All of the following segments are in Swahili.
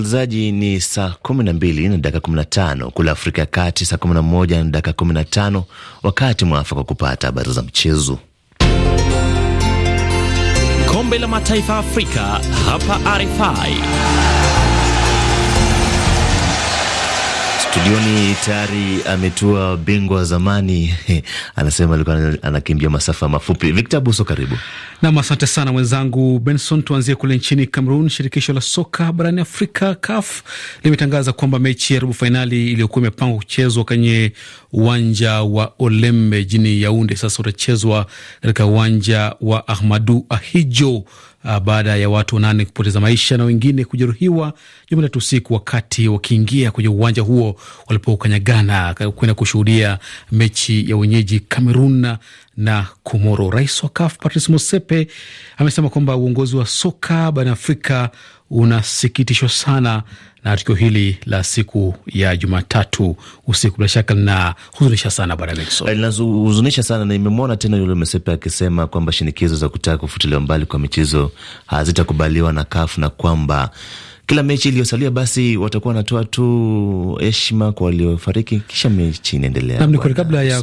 msikilizaji, ni saa 12 na dakika 15 kule Afrika ya Kati, saa 11 na dakika 15, wakati mwafaka wa kupata habari za mchezo. Kombe la Mataifa ya Afrika hapa RFI. Studioni tayari ametua bingwa zamani anasema alikuwa anakimbia masafa mafupi. Victor Buso, karibu nam. Asante sana mwenzangu Benson. Tuanzie kule nchini Cameroon. Shirikisho la soka barani Afrika, CAF, limetangaza kwamba mechi ya robo fainali iliyokuwa imepangwa kuchezwa kwenye uwanja wa Olembe jini Yaunde sasa utachezwa katika uwanja wa Ahmadu Ahijo uh, baada ya watu wanane kupoteza maisha na wengine kujeruhiwa Jumatatu usiku wakati wakiingia kwenye uwanja huo walipokanyagana kwenda kushuhudia mechi ya wenyeji Kamerun na Komoro. Rais wa CAF Patrice Mosepe amesema kwamba uongozi wa soka barani Afrika unasikitishwa sana na tukio hili la siku ya Jumatatu usiku. Bila shaka linahuzunisha sana bara linahuzunisha sana, na imemwona tena yule Mosepe akisema kwamba shinikizo za kutaka kufutiliwa mbali kwa michezo hazitakubaliwa na CAF na kwamba kila mechi iliyosalia basi watakuwa wanatoa tu heshima kwa waliofariki, kisha mechi inaendelea. Naam, ni kweli kabla ya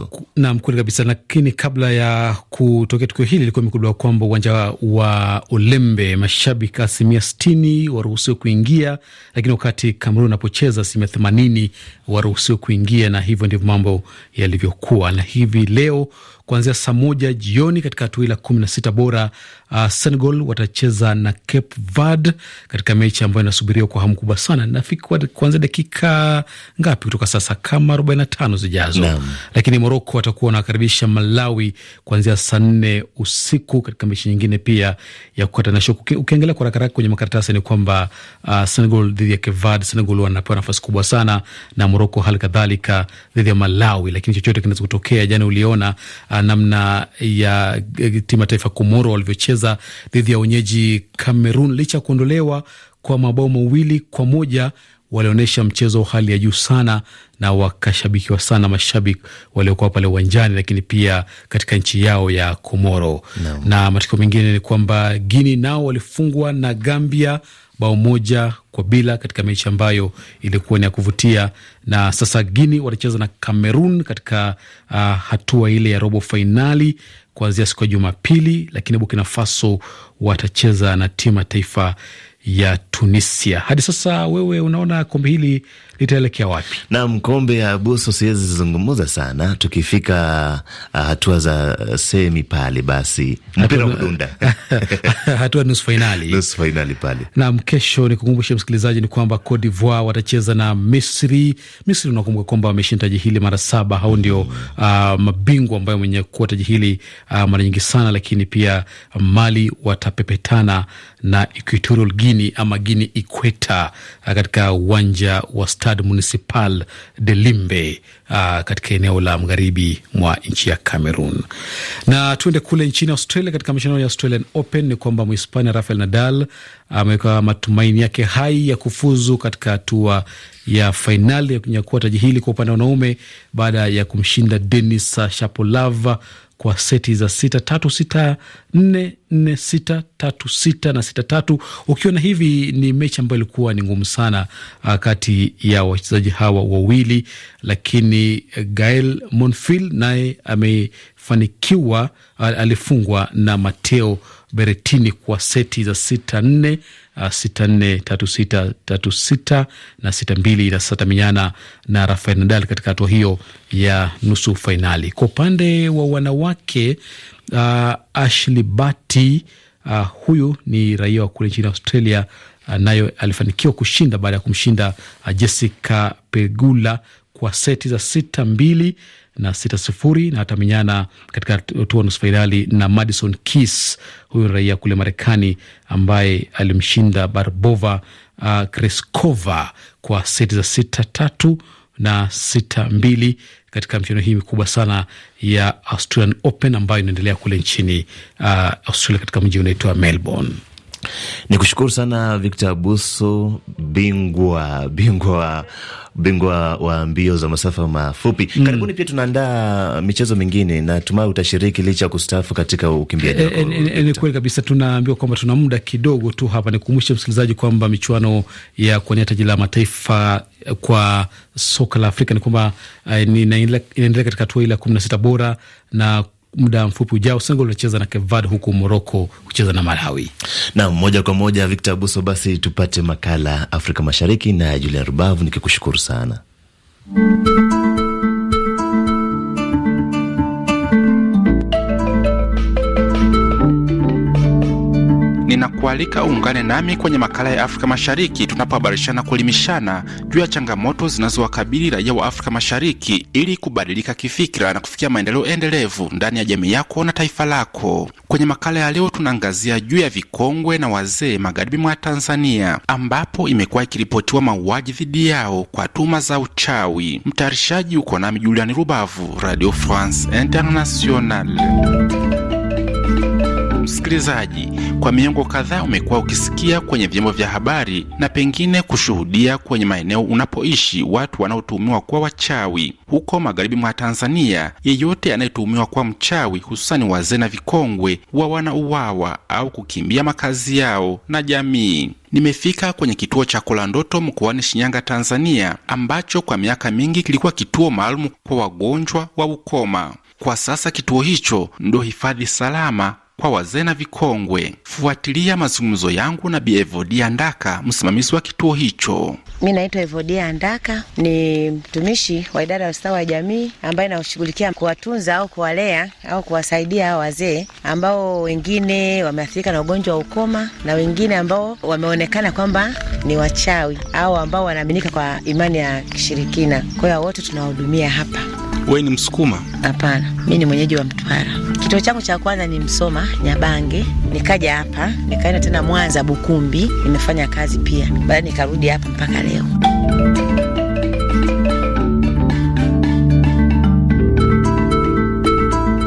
kweli kabisa. Lakini kabla ya kutokea tukio hili, ilikuwa imekudoa kwamba uwanja wa Olembe mashabiki asilimia sitini waruhusiwe kuingia, lakini wakati Kamerun anapocheza asilimia themanini waruhusiwe kuingia, na hivyo ndivyo mambo yalivyokuwa. Na hivi leo kuanzia saa moja jioni katika hatua la kumi na sita bora. Uh, Senegal watacheza na Cape Verde katika mechi ambayo inasubiriwa kwa hamu kubwa sana. Nafikiri kuanzia dakika ngapi kutoka sasa, kama 45 zijazo. no. Lakini Moroko watakuwa wanakaribisha Malawi kuanzia saa nne usiku katika mechi nyingine pia ya kukata na shoku. Ukiangalia kwa rakaraka kwenye makaratasi ni kwamba uh, Senegal dhidi ya Cape Verde, Senegal wanapewa nafasi kubwa sana na Moroko hali kadhalika dhidi ya Malawi, lakini chochote kinaweza kutokea. Jana uliona uh, namna ya eh, timu ya taifa Komoro walivyocheza dhidi ya wenyeji Cameroon. Licha ya kuondolewa kwa mabao mawili kwa moja walionyesha mchezo wa hali ya juu sana na wakashabikiwa sana mashabiki waliokuwa pale uwanjani, lakini pia katika nchi yao ya Komoro no. Na matokeo mengine ni kwamba Guini nao walifungwa na Gambia bao moja kwa bila katika mechi ambayo ilikuwa ni ya kuvutia. Na sasa Guini watacheza na Cameroon katika uh, hatua ile ya robo fainali kuanzia siku ya Jumapili, lakini Burkina Faso watacheza na timu ya taifa ya Tunisia. Hadi sasa wewe unaona kombe hili itaelekea wapi? Naam, kombe ya Abuso siwezi zungumza sana, tukifika ah, hatua za eh, semi pale, basi mpira kudunda hatua nusu fainali, nusu fainali pale. Naam, kesho ni kukumbusha msikilizaji ni kwamba Cote d'Ivoire watacheza na Misri. Misri unakumbuka kwamba wameshinda taji hili mara saba, hao ndio mm, uh, mabingwa ambayo mwenye kuwa taji hili uh, mara nyingi sana, lakini pia Mali watapepetana na Equatorial Guinea ama Guinea uh, katika uwanja wa Stade Municipal de Limbe uh, katika eneo la magharibi mwa nchi ya Cameroon. Na tuende kule nchini Australia, katika mashindano ya Australian Open ni kwamba Mhispania Rafael Nadal ameweka uh, matumaini yake hai ya kufuzu katika hatua ya fainali ya kunyakua taji hili kwa upande wa wanaume baada ya kumshinda Denis Shapovalov kwa seti za sita tatu sita nne nne sita tatu sita na sita tatu. Ukiona hivi ni mechi ambayo ilikuwa ni ngumu sana uh, kati ya wachezaji hawa wawili, lakini uh, Gael Monfil naye amefanikiwa, uh, alifungwa na Mateo Beretini kwa seti za sita nne uh, sita nne tatu sita tatu na sita mbili na Rafael Nadal katika hatua hiyo ya nusu fainali. Kwa upande wa wanawake uh, Ashley Barty uh, huyu ni raia wa kule nchini Australia, uh, nayo alifanikiwa kushinda baada ya kumshinda uh, Jessica Pegula kwa seti za sita mbili na sita sifuri na atamenyana katika hatua nusu fainali na Madison Keys. Huyu ni raia kule Marekani ambaye alimshinda Barbova uh, Kreskova kwa seti za sita tatu na sita mbili katika michuano hii mikubwa sana ya Australian Open ambayo inaendelea kule nchini uh, Australia katika mji unaitwa Melbourne. Ni kushukuru sana Victor abuso bingwa bingwa bingwa wa mbio za masafa mafupi mm. Karibuni pia tunaandaa michezo mingine, natumai utashiriki licha ya kustaafu katika ukimbiaji. Eh, eh, ni eh, kweli kabisa, tunaambiwa kwamba tuna muda kidogo tu hapa. Nikukumbushe msikilizaji kwamba michuano ya kuwania taji la mataifa kwa soka la Afrika ni kwamba inaendelea katika hatua ile ya kumi na sita bora na muda mfupi ujao Senegal unacheza na kevad huku Moroko kucheza na Malawi. Na moja kwa moja Victor Abuso, basi tupate makala Afrika Mashariki na Julian Rubavu, nikikushukuru sana kualika uungane nami kwenye makala ya Afrika Mashariki tunapohabarishana kuelimishana juu ya changamoto zinazowakabili raia wa Afrika Mashariki ili kubadilika kifikira na kufikia maendeleo endelevu ndani ya jamii yako na taifa lako. Kwenye makala ya leo tunaangazia juu ya vikongwe na wazee magharibi mwa Tanzania ambapo imekuwa ikiripotiwa mauaji dhidi yao kwa tuma za uchawi. Mtayarishaji uko nami Juliani Rubavu, Radio France Internationale. Msikilizaji, kwa miongo kadhaa umekuwa ukisikia kwenye vyombo vya habari na pengine kushuhudia kwenye maeneo unapoishi watu wanaotuhumiwa kuwa wachawi. Huko magharibi mwa Tanzania, yeyote anayetuhumiwa kuwa mchawi, hususani wazee na vikongwe, wa wanauawa au kukimbia makazi yao na jamii. Nimefika kwenye kituo cha ndoto mkoani Shinyanga, Tanzania, ambacho kwa miaka mingi kilikuwa kituo maalum kwa wagonjwa wa ukoma. Kwa sasa kituo hicho ndo hifadhi salama kwa wazee na vikongwe. Fuatilia mazungumzo yangu na Bi Evodia Ndaka, msimamizi wa kituo hicho. Mi naitwa Evodia Ndaka, ni mtumishi wa idara ya ustawi wa jamii ambaye inashughulikia kuwatunza au kuwalea au kuwasaidia hao wazee ambao wengine wameathirika na ugonjwa wa ukoma na wengine ambao wameonekana kwamba ni wachawi au ambao wanaaminika kwa imani ya kishirikina. Kwa hiyo wote tunawahudumia hapa. Wewe ni Msukuma? Hapana, mi ni mwenyeji wa Mtwara. Kituo changu cha kwanza ni Msoma Nyabange, nikaja hapa nikaenda tena Mwanza Bukumbi, nimefanya kazi pia, baada nikarudi hapa mpaka leo.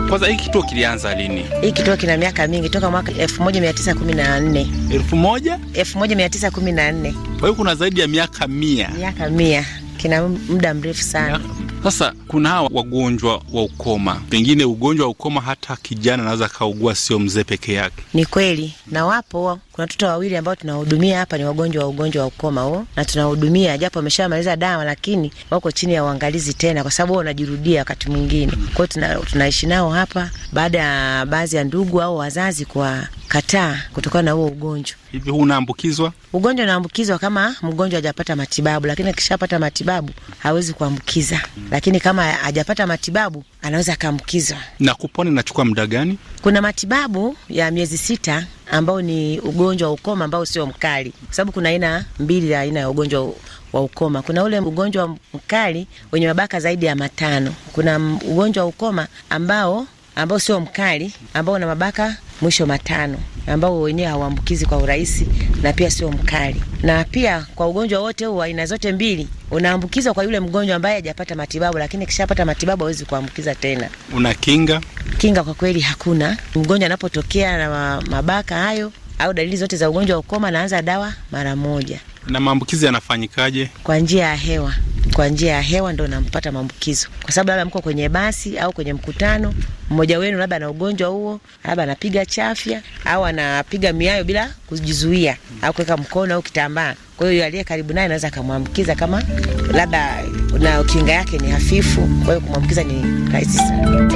Kwanza, hiki kituo kilianza lini? Hiki kituo kina miaka mingi, toka mwaka 1914. 1000? 1914. Kwa hiyo kuna zaidi ya miaka mia. Miaka mia, kina muda mrefu sana miaka. Sasa kuna hawa wagonjwa wa ukoma, pengine ugonjwa wa ukoma hata kijana anaweza akaugua, sio mzee peke yake. Ni kweli, na wapo kuna watoto wawili ambao tunawahudumia hapa, ni wagonjwa wa ugonjwa wa ukoma huo, na tunawahudumia japo wameshamaliza dawa, lakini wako chini ya uangalizi tena, kwa sababu wanajirudia wakati mwingine. Kwa hiyo tunaishi nao hapa baada ya baadhi ya ndugu au wazazi kwa kataa kutokana na huo ugonjwa. Hivi huu unaambukizwa? Ugonjwa unaambukizwa kama mgonjwa hajapata matibabu, lakini akishapata matibabu hawezi kuambukiza, lakini kama hajapata matibabu anaweza akaambukizwa. Na kupona inachukua muda gani? Kuna matibabu ya miezi sita ambao ni ugonjwa wa ukoma ambao sio mkali, kwa sababu kuna aina mbili ya aina ya ugonjwa wa ukoma. Kuna ule ugonjwa mkali wenye mabaka zaidi ya matano. Kuna ugonjwa wa ukoma ambao ambao sio mkali ambao una mabaka mwisho matano ambao wenyewe hauambukizi kwa urahisi na pia sio mkali. Na pia kwa ugonjwa wote huu aina zote mbili unaambukizwa kwa yule mgonjwa ambaye hajapata matibabu, lakini kishapata matibabu hawezi kuambukiza tena. Una kinga? Kinga kwa kweli hakuna. Mgonjwa anapotokea na mabaka hayo au dalili zote za ugonjwa wa ukoma, anaanza dawa mara moja. Na maambukizi yanafanyikaje? Kwa njia ya hewa kwa njia ya hewa ndio nampata maambukizo, kwa sababu labda mko kwenye basi au kwenye mkutano, mmoja wenu labda ana ugonjwa huo, labda anapiga chafya au anapiga miayo bila kujizuia au kuweka mkono au kitambaa. Kwa hiyo aliye karibu naye anaweza akamwambukiza, kama labda na kinga yake ni hafifu, kwa hiyo kumwambukiza ni rahisi sana.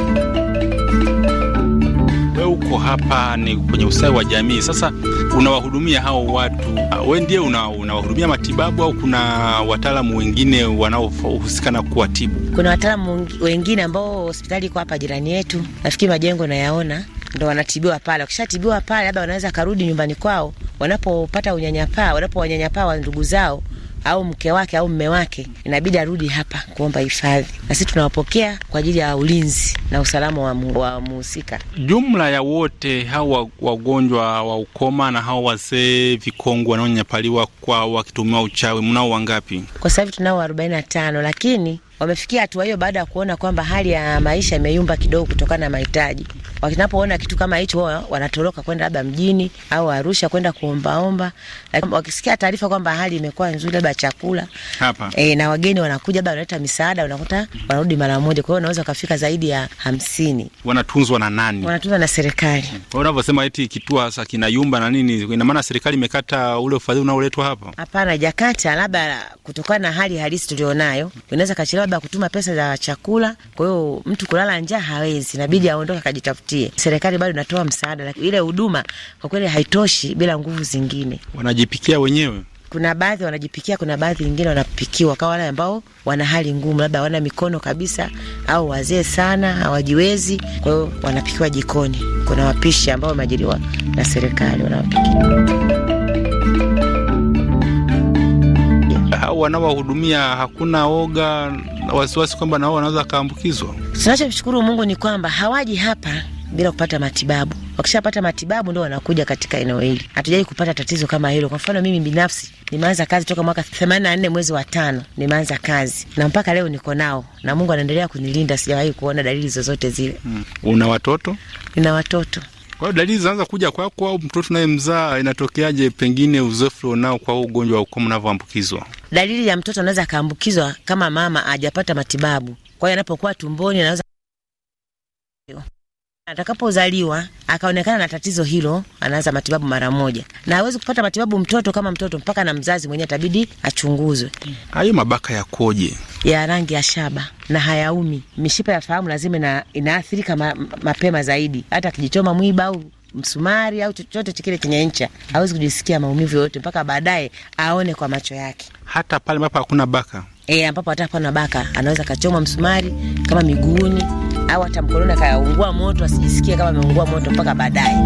Uko hapa ni kwenye ustawi wa jamii. Sasa unawahudumia hao watu, ah, we ndiye unawahudumia una matibabu au kuna wataalamu wengine wanaohusika na kuwatibu? Kuna wataalamu wengine ambao hospitali iko hapa jirani yetu, nafikiri majengo nayaona ndo wanatibiwa pale. Wakishatibiwa pale, labda wanaweza karudi nyumbani kwao, wanapopata unyanyapaa, wanapowanyanyapaa wa ndugu zao, au mke wake au mme wake, inabidi arudi hapa kuomba hifadhi, na sisi tunawapokea kwa ajili ya ulinzi na usalama wa muhusika. Jumla ya wote hao wagonjwa wa ukoma na hao wazee vikongwe wanaonyanyapaliwa kwa wakitumiwa uchawi, mnao wangapi kwa sasa hivi? Tunao arobaini na tano, lakini wamefikia hatua hiyo baada ya kuona kwamba hali ya maisha imeyumba kidogo kutokana na mahitaji. Wakinapoona kitu kama hicho, wanatoroka kwenda labda mjini au Arusha kwenda kuombaomba, lakini wakisikia taarifa kwamba hali imekuwa nzuri, labda chakula hapa e, na wageni wanakuja, labda wanaleta misaada, unakuta wanarudi mara moja. Kwa hiyo wanaweza kufika zaidi ya hamsini. Wanatunzwa na nani? Wanatunzwa na serikali. Kwa hiyo unavyosema eti kituo hasa kinayumba na nini, ina maana serikali imekata ule ufadhili unaoletwa hapa? Hapana, jakata labda kutokana na hali halisi tulionayo, inaweza kachelewa labda kutuma pesa za chakula, kwa hiyo mtu kulala njaa hawezi, inabidi aondoke akajitafuta tupatie. Serikali bado inatoa msaada, lakini ile huduma kwa kweli haitoshi bila nguvu zingine. Wanajipikia wenyewe kuna baadhi wanajipikia, kuna baadhi wengine wanapikiwa. Kwa wale ambao wana hali ngumu, labda hawana mikono kabisa, au wazee sana hawajiwezi, kwa hiyo wanapikiwa jikoni. Kuna wapishi ambao wameajiriwa na serikali wanawapikia au wanaowahudumia hakuna oga wasiwasi kwamba nao wanaweza wakaambukizwa. Tunachomshukuru Mungu ni kwamba hawaji hapa bila kupata matibabu. Wakishapata matibabu ndo wanakuja katika eneo hili. Hatujai kupata tatizo kama hilo. Kwa mfano mimi binafsi nimeanza kazi toka mwaka nne mwezi wa tano nimeanza kazi na mpaka leo niko nao, na Mungu anaendelea kunilinda, sijawahi kuona dalili zozote zile. Hmm. Una watoto? Nina watoto. Kwa hiyo dalili zinaanza kuja kwako au mtoto mzaa, inatokeaje? Pengine uzoefu unao kwa huu ugonjwa wa ukoma unavyoambukizwa. Dalili ya mtoto anaweza akaambukizwa kama mama ajapata matibabu, kwa hiyo anapokuwa tumboni anaweza Atakapozaliwa akaonekana na tatizo hilo, anaanza matibabu mara moja, na hawezi kupata matibabu mtoto kama mtoto, mpaka na mzazi mwenyewe atabidi achunguzwe. Hayo mabaka yakoje? ya rangi ya shaba na hayaumi. Mishipa ya fahamu lazima na inaathirika ma, mapema zaidi. Hata akijichoma mwiba au msumari au chochote kile chenye ncha, hawezi kujisikia maumivu yoyote mpaka baadaye aone kwa macho yake, hata pale ambapo hakuna baka e, ambapo hata hapana baka, anaweza akachoma msumari kama miguuni au hata mkononi akayaungua moto, asijisikie kama ameungua moto mpaka baadaye.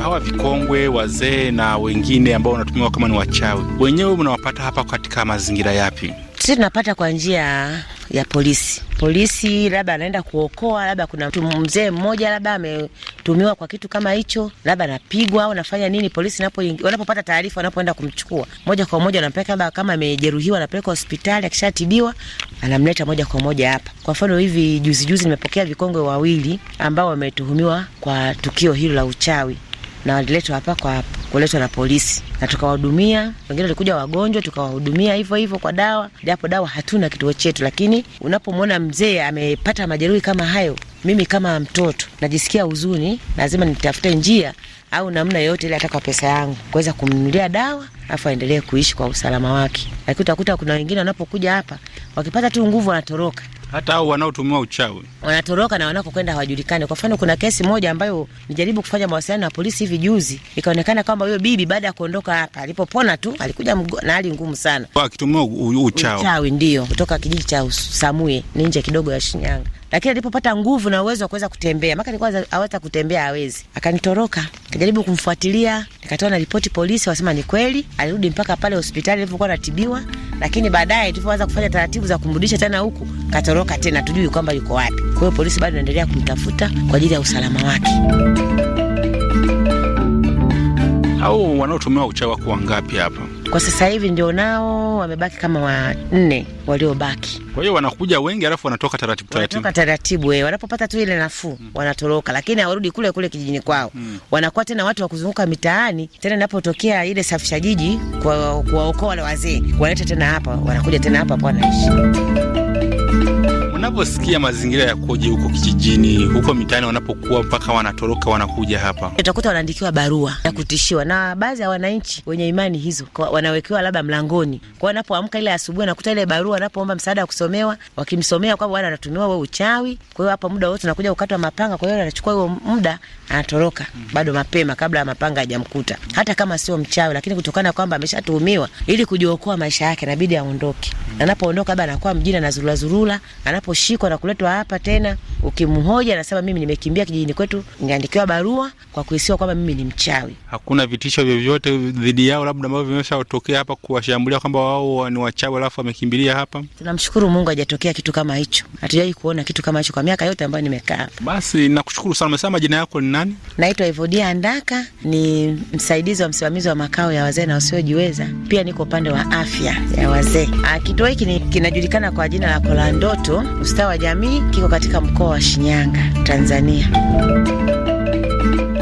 Hawa vikongwe, wazee na wengine ambao wanatumiwa kama ni wachawi, wenyewe mnawapata hapa katika mazingira yapi? Sisi tunapata kwa njia ya polisi. Polisi labda anaenda kuokoa, labda kuna mtu mzee mmoja labda ametumiwa kwa kitu kama hicho, labda anapigwa au anafanya nini. Polisi wanapopata taarifa, wanapoenda kumchukua moja kwa moja wanampeleka, labda kama amejeruhiwa, anapeleka hospitali, akishatibiwa anamleta moja kwa moja hapa. Kwa mfano hivi juzijuzi nimepokea vikongwe wawili ambao wametuhumiwa kwa tukio hilo la uchawi na waliletwa hapa kwa kuletwa na polisi na tukawahudumia. Wengine walikuja wagonjwa, tukawahudumia hivyo hivyo kwa dawa, japo dawa hatuna kituo chetu. Lakini unapomwona mzee amepata majeruhi kama hayo, mimi kama mtoto najisikia huzuni, lazima nitafute njia au namna yoyote ile, hata kwa pesa yangu kuweza kumnunulia dawa afu aendelee kuishi kwa usalama wake. Lakini utakuta kuna wengine wanapokuja hapa wakipata tu nguvu wanatoroka hata au wanaotumiwa uchawi wanatoroka na wanakokwenda hawajulikani. Kwa mfano, kuna kesi moja ambayo nijaribu kufanya mawasiliano na polisi hivi juzi, ikaonekana kwamba huyo bibi baada ya kuondoka hapa alipopona tu alikuja na hali ngumu sana, akitumiwa uchawi. Uchawi ndio kutoka kijiji cha Samue ni nje kidogo ya Shinyanga lakini alipopata nguvu na uwezo wa kuweza kutembea, maka alikuwa aweza kutembea, hawezi, akanitoroka. kajaribu kumfuatilia, nikatoa na ripoti polisi, wasema ni kweli. Alirudi mpaka pale hospitali alipokuwa anatibiwa, lakini baadaye tulipoanza kufanya taratibu za kumrudisha tena huku, katoroka tena, tujui kwamba yuko wapi. Kwa hiyo polisi bado anaendelea kumtafuta kwa ajili ya usalama wake. au wanaotumiwa uchawi wako wangapi hapa? Kwa sasa hivi ndio nao wamebaki kama wanne waliobaki. Kwa hiyo wanakuja wengi, alafu wanatoka taratibu taratibu, wanatoka taratibu eh, wanapopata tu ile nafuu mm. wanatoroka, lakini hawarudi kule kule kijijini kwao mm. wanakuwa tena watu wa kuzunguka mitaani tena, inapotokea ile safisha jiji kuwaokoa wale wazee, wanaleta tena hapa, wanakuja tena hapa hapo wanaishi Unaposikia mazingira ya koje huko kijijini, huko mitaani wanapokuwa mpaka wanatoroka wanakuja hapa, utakuta wanaandikiwa barua ya kutishiwa, na baadhi ya wananchi wenye imani hizo wanawekewa labda mlangoni kwa wanapoamka ile asubuhi, anakuta ile barua, wanapoomba msaada wa kusomewa, wakimsomea kwamba bwana anatumiwa wewe uchawi, kwa hiyo hapa muda wote unakuja kukatwa mapanga. Kwa hiyo anachukua huo muda anatoroka bado mapema, kabla ya mapanga hajamkuta, hata kama sio mchawi, lakini kutokana kwamba ameshatuhumiwa, ili kujiokoa maisha yake inabidi aondoke. Anapoondoka labda anakuwa mjini anazurulazurula anapo kushikwa na kuletwa hapa tena. Ukimhoja anasema mimi nimekimbia kijijini kwetu, niandikiwa barua kwa kuhisiwa kwamba mimi ni mchawi. Hakuna vitisho vyovyote dhidi yao, labda ambavyo vimeshatokea hapa kuwashambulia kwamba wao ni wachawi, alafu wamekimbilia hapa. Tunamshukuru Mungu hajatokea kitu kama hicho, hatujawahi kuona kitu kama hicho kwa miaka yote ambayo nimekaa hapa. Basi nakushukuru sana. Umesema jina yako ni nani? Naitwa Evodia Andaka, ni msaidizi wa msimamizi wa makao ya wazee na wasiojiweza, pia niko upande wa afya ya wazee. Ah, kituo hiki kinajulikana kwa jina la Kolandoto. Ustawi wa Jamii kiko katika mkoa wa Shinyanga, Tanzania.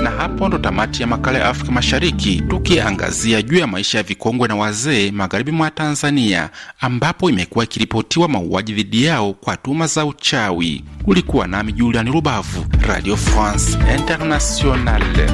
Na hapo ndo tamati ya makala ya Afrika Mashariki, tukiangazia juu ya maisha ya vikongwe na wazee magharibi mwa Tanzania, ambapo imekuwa ikiripotiwa mauaji dhidi yao kwa tuma za uchawi. Ulikuwa nami Julian Rubavu, Radio France Internationale.